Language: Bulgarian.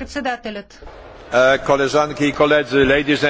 Председателят. Е, колежанки